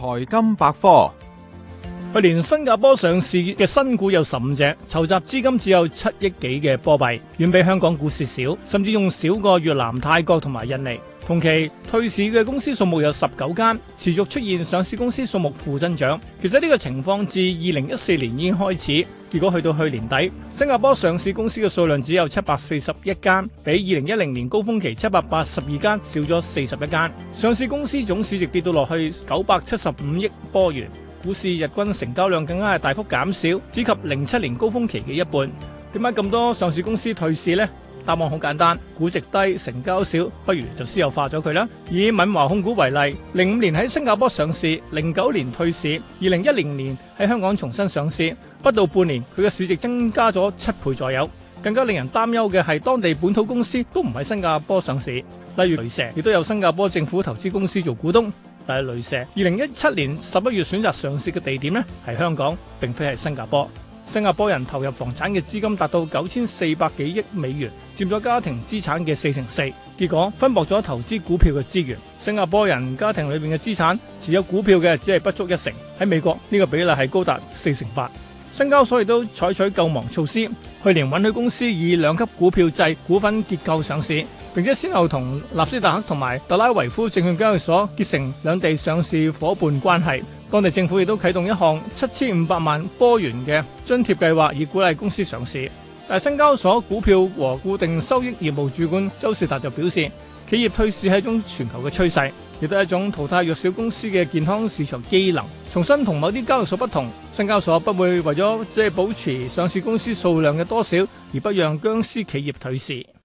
財經百科。去年新加坡上市嘅新股有十五隻，籌集資金只有七億幾嘅坡幣，遠比香港股市少，甚至仲少過越南、泰國同埋印尼。同期退市嘅公司數目有十九間，持續出現上市公司數目負增長。其實呢個情況自二零一四年已經開始，結果去到去年底，新加坡上市公司嘅數量只有七百四十一間，比二零一零年高峰期七百八十二間少咗四十一間。上市公司總市值跌到落去九百七十五億坡元。股市日均成交量更加係大幅減少，只及零七年高峰期嘅一半。點解咁多上市公司退市呢？答案好簡單，估值低、成交少，不如就私有化咗佢啦。以敏華控股為例，零五年喺新加坡上市，零九年退市，二零一零年喺香港重新上市，不到半年佢嘅市值增加咗七倍左右。更加令人擔憂嘅係，當地本土公司都唔喺新加坡上市，例如雷蛇，亦都有新加坡政府投資公司做股東。係雷蛇，二零一七年十一月選擇上市嘅地點呢，係香港，並非係新加坡。新加坡人投入房產嘅資金達到九千四百幾億美元，佔咗家庭資產嘅四成四，結果分薄咗投資股票嘅資源。新加坡人家庭裏面嘅資產持有股票嘅只係不足一成，喺美國呢個比例係高達四成八。新交所亦都採取救亡措施，去年允許公司以兩級股票制股份結構上市。並且先後同納斯達克同埋特拉維夫證券交易所結成兩地上市伙伴關係。當地政府亦都啟動一項七千五百萬波元嘅津貼計劃，以鼓勵公司上市。但係新交所股票和固定收益業務主管周士達就表示，企業退市係一種全球嘅趨勢，亦都係一種淘汰弱小公司嘅健康市場機能。重新同某啲交易所不同，新交所不會為咗即係保持上市公司數量嘅多少，而不讓僵屍企業退市。